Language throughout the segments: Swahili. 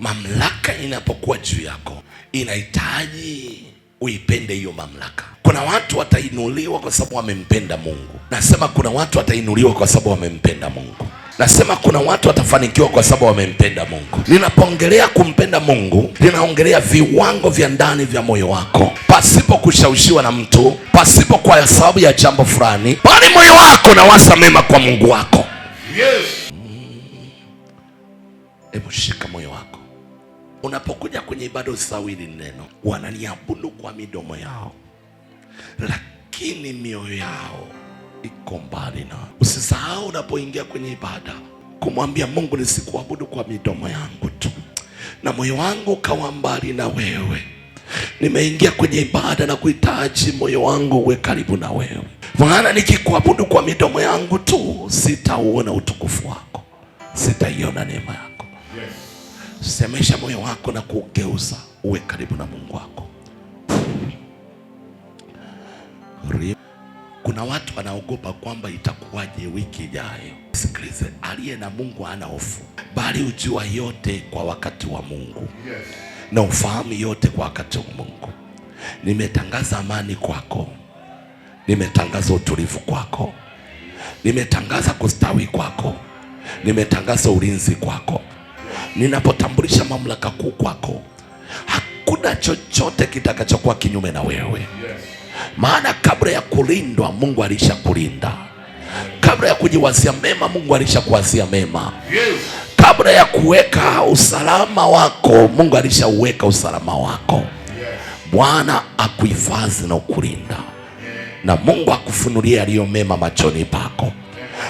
Mamlaka inapokuwa juu yako inahitaji uipende hiyo mamlaka. Kuna watu watainuliwa kwa sababu wamempenda Mungu. Nasema kuna watu watainuliwa kwa sababu wamempenda Mungu. Nasema kuna watu watafanikiwa kwa sababu wamempenda Mungu. Ninapoongelea kumpenda Mungu, ninaongelea viwango vya ndani vya moyo wako, pasipo kushawishiwa na mtu, pasipo kwa sababu ya jambo fulani, bali moyo wako na wasa mema kwa Mungu wako. Yes. Mm. Hebu shika moyo wako. Unapokuja kwenye ibada usisahau neno, wananiabudu kwa midomo yao, lakini mioyo yao iko mbali na. Usisahau unapoingia kwenye ibada kumwambia Mungu, nisikuabudu kwa midomo yangu tu na moyo wangu ukawa mbali na wewe. Nimeingia kwenye ibada na kuhitaji moyo wangu uwe karibu na wewe, maana nikikuabudu kwa midomo yangu tu sitauona utukufu wako, sitaiona neema yako semesha moyo wako na kuugeuza uwe karibu na Mungu wako. Kuna watu wanaogopa kwamba itakuwaje wiki ijayo. Sikilize, aliye na Mungu hana hofu, bali ujua yote kwa wakati wa Mungu na ufahamu yote kwa wakati wa Mungu. Nimetangaza amani kwako, nimetangaza utulivu kwako, nimetangaza kustawi kwako, nimetangaza ulinzi kwako ninapotambulisha mamlaka kuu kwako, hakuna chochote kitakachokuwa kinyume na wewe, maana kabla ya kulindwa Mungu alishakulinda. Kabla ya kujiwazia mema Mungu alishakuwazia mema. Kabla ya kuweka usalama wako Mungu alishauweka usalama wako. Bwana akuhifadhi na ukulinda, na Mungu akufunulie yaliyo mema machoni pako,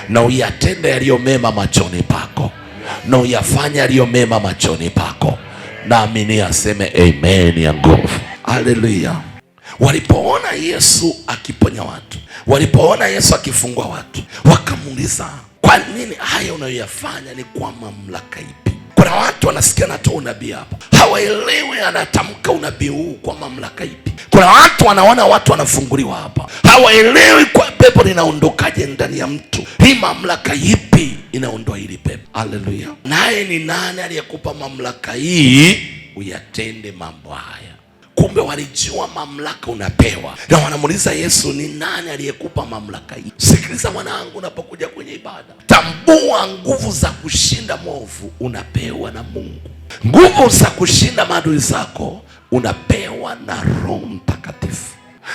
na uyatende yaliyo mema machoni pako na uyafanya aliyo mema machoni pako. Naamini aseme amen ya nguvu. Haleluya! Walipoona Yesu akiponya watu, walipoona Yesu akifungua watu, wakamuuliza kwa nini haya unayoyafanya? Ni kwa mamlaka ipi? Kuna watu wanasikia natoa unabii hapa, hawaelewi anatamka unabii huu kwa mamlaka ipi. Kuna watu wanaona watu wanafunguliwa hapa, hawaelewi kwa pepo linaondokaje ndani ya mtu, hii mamlaka ipi inaondoa hili pepo? Haleluya! Naye ni nani aliyekupa mamlaka hii uyatende mambo haya? Kumbe walijua mamlaka unapewa, na wanamuuliza Yesu, ni nani aliyekupa mamlaka hii? Sikiliza mwanangu, unapokuja kwenye ibada, tambua nguvu za kushinda mwovu unapewa na Mungu. Nguvu za kushinda maadui zako unapewa na Roho Mtakatifu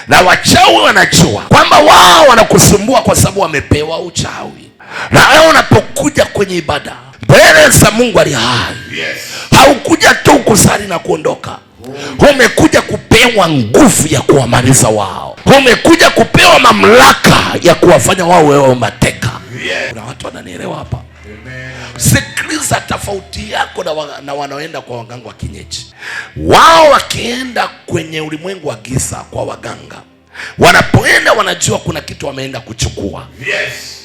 na wachawi wanajua kwamba wao wanakusumbua kwa sababu wamepewa uchawi. Na wewe unapokuja kwenye ibada mbele za Mungu ali hai, yes. Haukuja tu kusali na kuondoka, Umekuja kupewa nguvu ya kuwamaliza wao, umekuja kupewa mamlaka ya kuwafanya wao wewe mateka. Kuna watu wananielewa hapa? Sikiliza tofauti yako na, wa, na wanaoenda kwa waganga wa kienyeji. Wao wakienda kwenye ulimwengu wa giza kwa waganga, wanapoenda wanajua kuna kitu wameenda kuchukua, yes.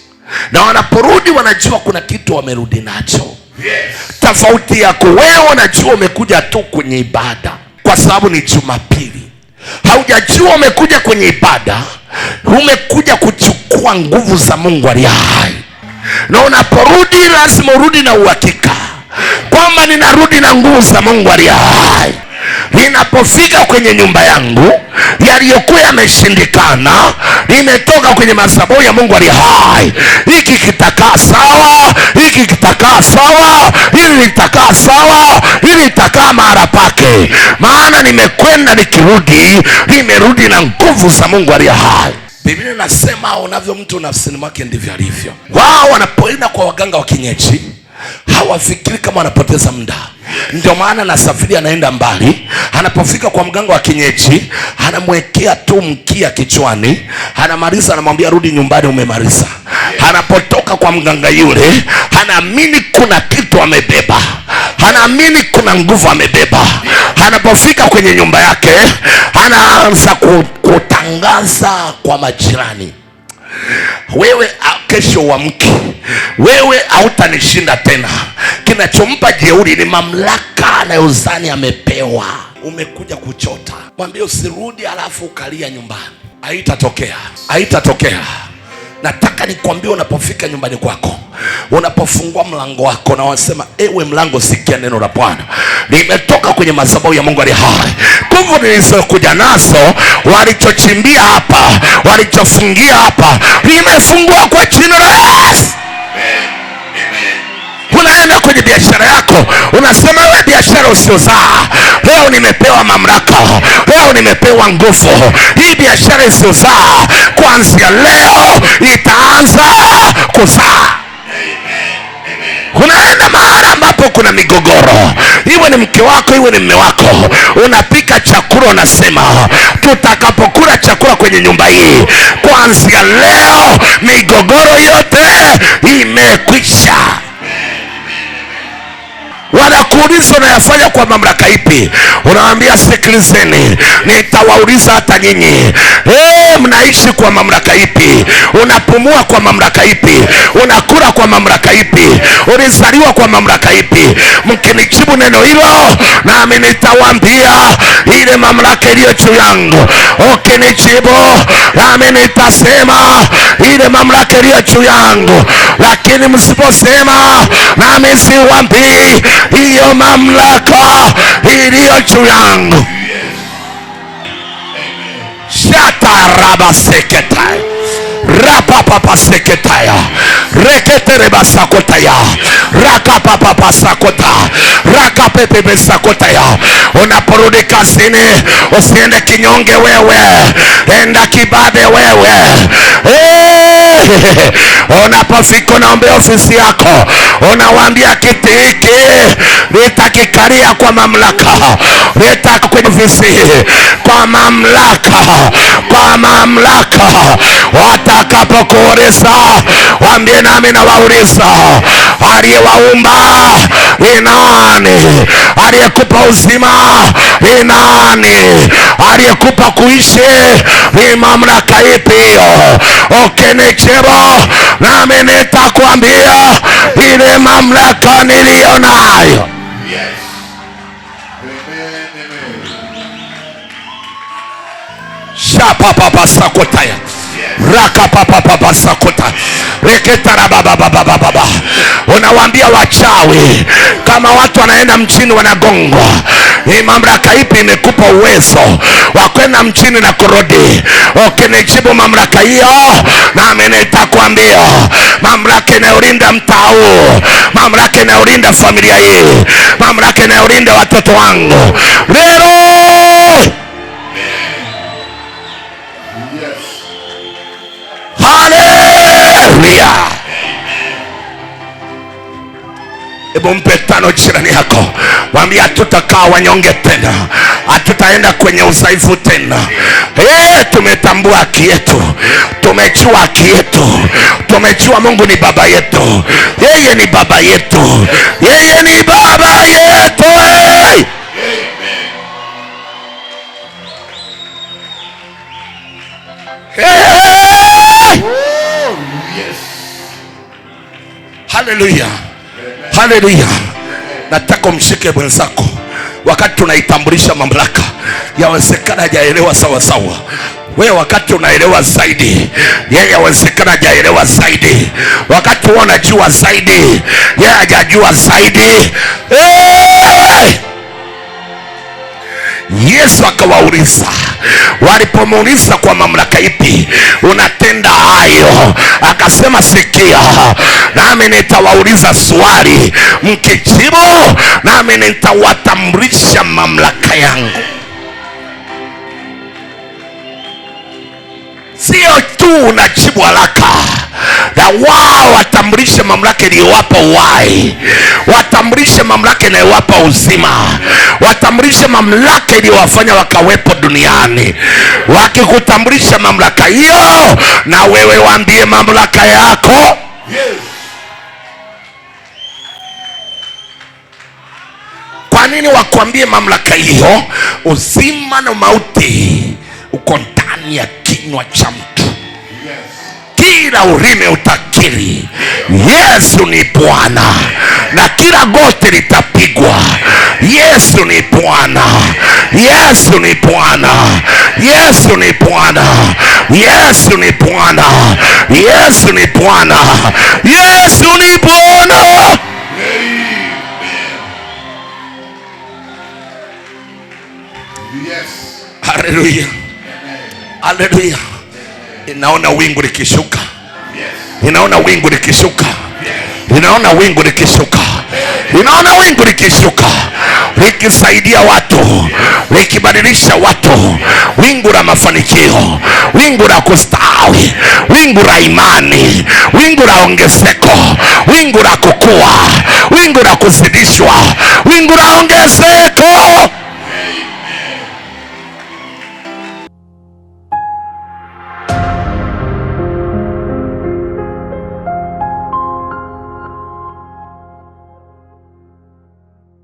na wanaporudi wanajua kuna kitu wamerudi nacho, yes. Tofauti yako wewe, unajua umekuja tu kwenye ibada kwa sababu ni Jumapili. Haujajua umekuja kwenye ibada, umekuja kuchukua nguvu za Mungu aliye hai, na unaporudi lazima urudi na uhakika kwamba ninarudi na nguvu za Mungu aliye hai. Ninapofika kwenye nyumba yangu, yaliyokuwa yameshindikana, nimetoka kwenye madhabahu ya Mungu aliye hai. Hiki kitakaa sawa, hiki kitakaa sawa, hili litakaa sawa, hili litakaa mahali pake, maana nimekwenda nikirudi, nimerudi na nguvu za Mungu aliye hai. Biblia inasema unavyo mtu nafsini mwake ndivyo alivyo. Wao wanapoenda kwa waganga wa kienyeji hawafikiri kama wanapoteza muda. Ndio maana nasafiri, anaenda mbali. Anapofika kwa mganga wa kienyeji, anamwekea tu mkia kichwani, anamaliza, anamwambia rudi nyumbani, umemaliza. Anapotoka kwa mganga yule, anaamini kuna kitu amebeba, anaamini kuna nguvu amebeba. Anapofika kwenye nyumba yake, anaanza kutangaza kwa majirani wewe kesho uamke, wewe hautanishinda tena. Kinachompa jeuri ni mamlaka anayozani amepewa. Umekuja kuchota, mwambie usirudi, alafu ukalia nyumbani. Haitatokea, haitatokea. Nataka nikwambie, unapofika nyumbani kwako, unapofungua mlango wako na wasema, ewe mlango, sikia neno la Bwana limetoka kwenye madhabahu ya Mungu ali hai nguvu nilizokuja nazo, walichochimbia hapa, walichofungia hapa, limefungua kwa jina la Yesu. Unaenda kwenye biashara yako, unasema we biashara usiozaa leo, nimepewa mamlaka, leo nimepewa nguvu. Hii biashara isiozaa kuanzia leo itaanza kuzaa. kuna migogoro, iwe ni mke wako, iwe ni mme wako. Unapika chakula, unasema tutakapokula chakula kwenye nyumba hii, kuanzia leo migogoro yote imekwisha. Wana Kuuliza unayafanya kwa mamlaka ipi? Unawaambia sikilizeni, nitawauliza hata nyinyi. e, mnaishi kwa mamlaka ipi? Unapumua kwa mamlaka ipi? Unakula kwa mamlaka ipi? Ulizaliwa kwa mamlaka ipi? Mkinijibu neno hilo, nami nitawaambia ile mamlaka iliyo juu yangu. Ukinijibu nami nitasema ile mamlaka iliyo juu yangu, lakini msiposema nami siwaambii hiyo mamlaka iliyo juu yangu. Shata raba seketa rakapapaseketaya reketerebasakotaya rakapapapasakota rakapepepesakotaya. Unaporudi kazini, usiende kinyonge wewe, enda kibabe wewe hey! Unapofika unaombea ofisi yako, unawaambia kiti hiki nitakikalia kwa mamlaka, nitaka kwenye ofisi kwa mamlaka, kwa mamlaka. Watakapokuuliza waambie nami nawauriza aliyewaumba ni nani? Aliyekupa uzima ni nani? Aliyekupa kuishi ni mamlaka ipi hiyo? Okenechero, nami nitakwambia ile mamlaka niliyo nayo. Yes. shapapapasakotaya rakapapapapasakota reketarababababababa Nawaambia wachawi, kama watu wanaenda mchini wanagongwa, ni mamlaka ipi imekupa uwezo wa kwenda mchini na kurudi? Ukinijibu mamlaka hiyo, nami nitakwambia mamlaka inayolinda mtaa huu, mamlaka inayolinda familia hii, mamlaka inayolinda watoto wangu leo Hebu mpe tano jirani yako, waambia hatutakaa wanyonge tena, hatutaenda kwenye udhaifu tena. Hey, eh, tumetambua haki yetu, tumejua haki yetu, tumejua Mungu ni baba yetu, yeye ni baba yetu, yeye ni baba yetu. Hey! Hey! Haleluya! Haleluya! Nataka umshike mwenzako wakati tunaitambulisha mamlaka. Yawezekana hajaelewa sawasawa wewe wakati unaelewa zaidi, yeye awezekana hajaelewa zaidi. Wakati wewe unajua zaidi, yeye hajajua zaidi. eh. Yesu akawauliza, walipomuuliza kwa mamlaka ipi unatenda hayo? Akasema, sikia, nami nitawauliza swali, mkijibu nami nitawatambulisha mamlaka yangu. Sio tu unajibu haraka na wao watambulishe mamlaka iliyowapa uhai, watambulishe mamlaka inayowapa uzima, watambulishe mamlaka iliyowafanya wakawepo duniani. Wakikutambulisha mamlaka hiyo, na wewe waambie mamlaka yako Kwa nini wakuambie mamlaka hiyo? Uzima na mauti uko ndani ya kinywa cha mtu yes kila ulimi utakiri Yesu ni Bwana, na kila goti litapigwa Yesu ni Bwana, Yesu ni Bwana, Yesu ni Bwana, Yesu ni Bwana, Yesu ni Bwana, Yesu ni Bwana. Haleluya, haleluya inaona wingu likishuka, inaona wingu likishuka, inaona wingu likishuka, inaona wingu likishuka likisaidia watu, likibadilisha watu, wingu la mafanikio, wingu la kustawi, wingu la imani, wingu la ongezeko, wingu la kukua, wingu la kuzidishwa, wingu la ongeze